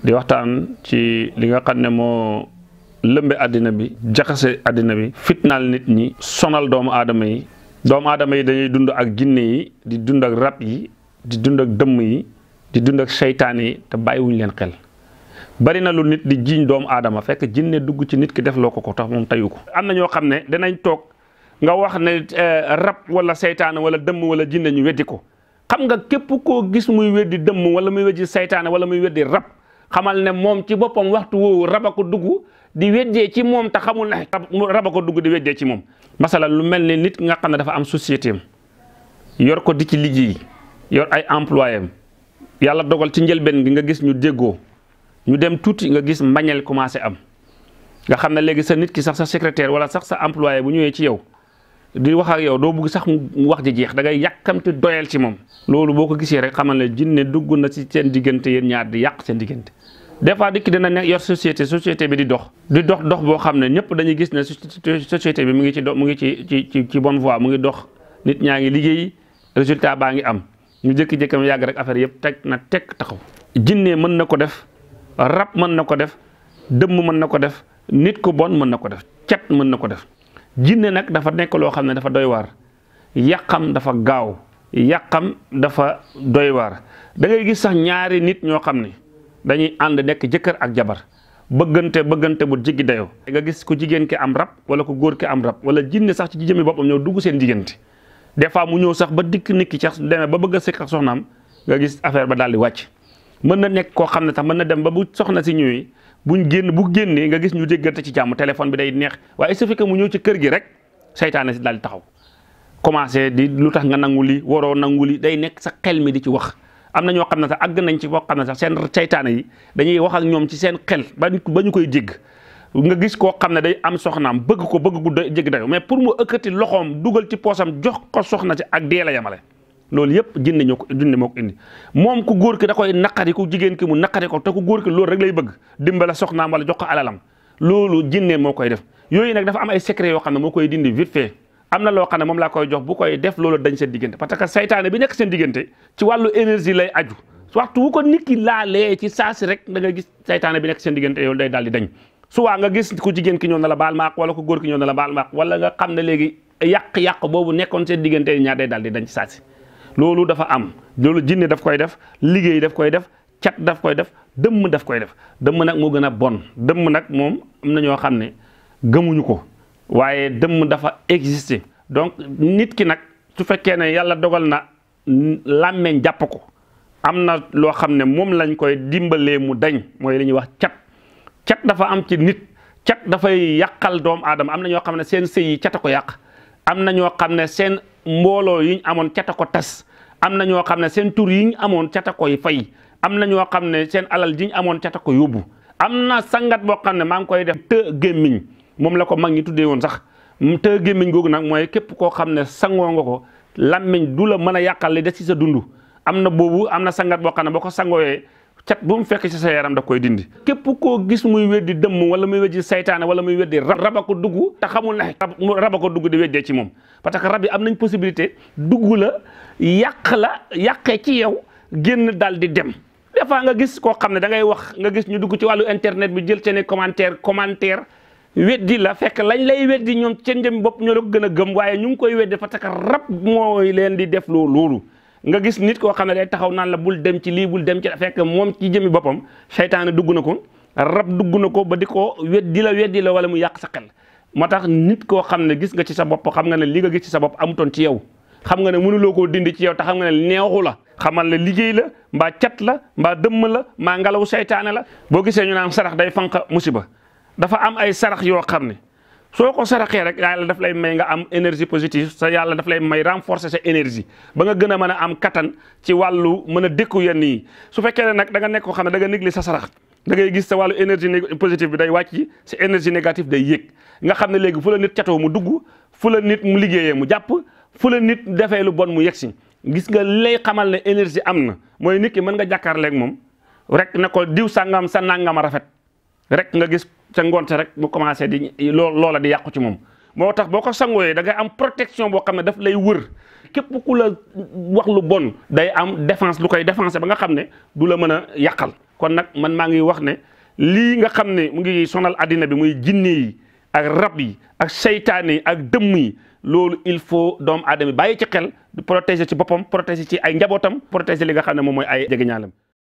di waxtaan ci li nga xam ne moo lëmbe àddina bi jaxase àddina bi fitnaal nit ñi sonal doomu aadama yi doomu aadama yi dañuy dund ak jinne yi di dund ak rab yi di dund ak dëmm yi di dund ak seytaane yi te bàyyiwuñ leen xel bari na lu nit di jiiñ doomu aadama fekk jinne dugg ci nit ki def loo ko ko tax moom tayu ko am na ñoo xam ne danañ toog nga wax ne eh, rab wala seytaane wala dëmm wala jinne ñu weddi ko xam nga képp koo gis muy weddi dëmm wala muy seytaane wala muy weddi rab xamal ne moom ci boppam waxtu woowu raba ko dugg di weddee ci moom ta xamul ne raba ko dugg di weddee ci moom masala lu mel ni nit nga xam ne dafa am société yor ko di ci liggéey yor ay employé am yàlla dogal ci njëlbeen gi nga gis ñu déggoo ñu dem tuuti nga gis mbañeel commencé am nga xam ne léegi sa nit ki sax sa secretaire wala sax sa employé bu ñëwee ci yow di wax ak yow doo bëgg sax mu wax ji jeex da ngay yàkkamti doyal ci moom loolu boo ko gisee rek xamal ne jinne dugg na ci seen diggante yéen ñaar di yàq seen diggante des fois dikk dina ne yor société société bi di dox di dox dox boo xam ne ñëpp dañuy gis ne société bi mu ngi ci do mu ngi ci ci ci ci bonne voie mu ngi dox nit ñaa ngi liggéey résultat baa ngi am ñu jékki-jékkam yàgg rek affaire yëpp teg na teg taxaw jinne mën na ko def rab mën na ko def dëmm mën na ko def nit ku bon mën na ko def cat mën na ko def jinne nag dafa nekk loo xam ne dafa doy waar yàqam dafa gaaw yàqam dafa doy waar da ngay gis sax ñaari nit ñoo xam ne dañuy ànd nekk jëkkër ak jabar bëggante bëggante bu jiggi dayoo nga gis ko jigéen ki am rab wala ko góor ki am rab wala jinne sax ci jëmmi boppam ñëw dugg seen diggante des fois mu ñëw sax ba dikk nit ki sax demee ba bëgg a sëkk ak soxnaam nga gis affaire ba daal di wàcc mën na nekk koo xam ne tax mën na dem ba bu soxna si ñëwee bu ñu génn bu génnee nga gis ñu déggante ci jàmm téléphone bi day neex waaye su fekkee mu ñëw ci kër gi rek seytaane si daal di taxaw commencé di lu tax nga nangu li waroo nangu li day nekk sa xel mi di ci wax am na ñoo xam ne sax àgg nañ ci boo xam ne sax seen seytaane yi dañuy wax ak ñoom ci seen xel ba ba ñu koy jégg nga gis koo xam ne day am soxnaam bëgg ko bëgg ko jégg dayo mais pour mu ëkkati loxoom dugal ci poosam jox ko soxna si ak dee la yamale loolu yëpp jinne ñoo ko jinne moo ko indi moom ku góor ki da koy naqari ku jigéen ki mu naqari ko te ku góor ki loolu rek lay bëgg dimbala soxnaam wala jox ko alalam loolu jinne moo koy def yooyu nag dafa am ay secret yoo xam ne moo koy dindi vite fait am na loo xam ne moom laa koy jox bu koy def loolu dañ seen diggante parce que saytaane bi nekk seen diggante ci wàllu énergie lay aju ko nit ki laalee ci saasi rek da gis saytaane bi nekk seen diggante yow day daal di dañ souvent nga gis ku jigéen ki ñëw na la baal maaq wala ku góor ki ñëw na la baal maaq wala nga xam ne léegi yàq-yàq boobu nekkoon seen diggante ñaar day daal dañ ci saasi loolu dafa am loolu jinne daf koy def liggéey daf koy def cat daf koy def dëmm daf koy def dëmm nag moo gën a bon dëmm nag moom am na ñoo xam ne gëmuñu ko waaye dëmm dafa exister donc nit ki nag su fekkee ne yàlla dogal na làmmeñ jàpp ko am na loo xam ne moom lañ koy dimbalee mu dañ mooy li ñuy wax cat cat dafa am ci nit cat dafay yàqal doomu aadama am na ñoo xam ne seen sëy yi cat ko yàq am na ñoo xam ne seen mbooloo yi ñu amoon cata ko tas am na ñoo xam ne seen tur yi ñu amoon cata koy fay am na ñoo xam ne seen alal ji ñu amoon cata ko yóbbu am na sangat boo xam ne maa ngi koy def të gémmiñ moom la ko mag ñi tuddee woon sax të gémmiñ googu nag mooy képp koo xam ne sangoo nga ko miñ du la mën a yàqal li des ci sa dund am na boobu am na sangat boo xam ne boo ko sangoowee cat bu mu fekk ci sa yaram da koy dindi képp koo gis muy weddi dëmm wala muy weddi saytaane wala muy weddi rab raba ko dugg te xamul ne raba ko dugg di weddee ci moom parce que rab am nañ possibilité dugg la yàq la yàqee ci yow génn daal di dem fois nga gis koo xam ne da ngay wax nga gis ñu dugg ci wàllu internet bi jël seeni commentaire commentaire weddi la fekk lañ lay weddi ñoom seen jëm bopp ñoo la gën a gëm waaye ñu ngi koy weddi parce que rab mooy leen di def loo loolu nga gis nit koo xam ne day taxaw naan la bul dem ci lii bul dem ci fekk moom ci jëmi boppam seytaane dugg na ko rab dugg na ko ba di ko weddi la weddi la wala mu yàq sa xel moo tax nit koo xam ne gis nga ci sa bopp xam nga ne li nga gis ci sa bopp amutoon ci yow xam nga ne mënuloo koo dindi ci yow te xam nga ne neexu la xamal la liggéey la mbaa cat la mbaa dëmm la mbaa ngelawu seytaane la boo gisee ñu naan sarax day fanq musiba dafa am ay sarax yoo xam ne soo ko saraxee rek yàlla daf lay may nga am énergie positive sa yàlla daf lay may renforcer sa énergie ba nga gën a mën a am kattan ci wàllu mën a dékku yenn yi su fekkee ne nag da nga nekk xam ne da nga négli sa sarax da ngay gis sa wàllu énergie positive bi day wàcc sa énergie négative day yéeg nga xam ne léegi fu la nit catoo mu dugg fu la nit mu liggéeyee mu jàpp fu la nit defee lu bon mu yegg si gis nga lay xamal ne énergie am na mooy nit ki mën nga jàkkaarleeg moom rek ne diw sàngam sa nàngama rafet rek nga gis ca ngonte rek mu commencé di loola di yàqu ci moom moo tax boo ko sangooyee da ngay am protection boo xam ne daf lay wër képp ku la wax lu bon day am defence lu koy défense ba nga xam ne du la mën a yàqal kon nag man maa ngi wax ne lii nga xam ne mu ngi sonal àddina bi muy jinne yi ak rab yi ak seytaane yi ak dëmm yi loolu il faut doomu aadama bàyyi ci xel du protéger ci boppam protéger ci ay njabootam protéger li nga xam ne moom mooy ay jegeñaalam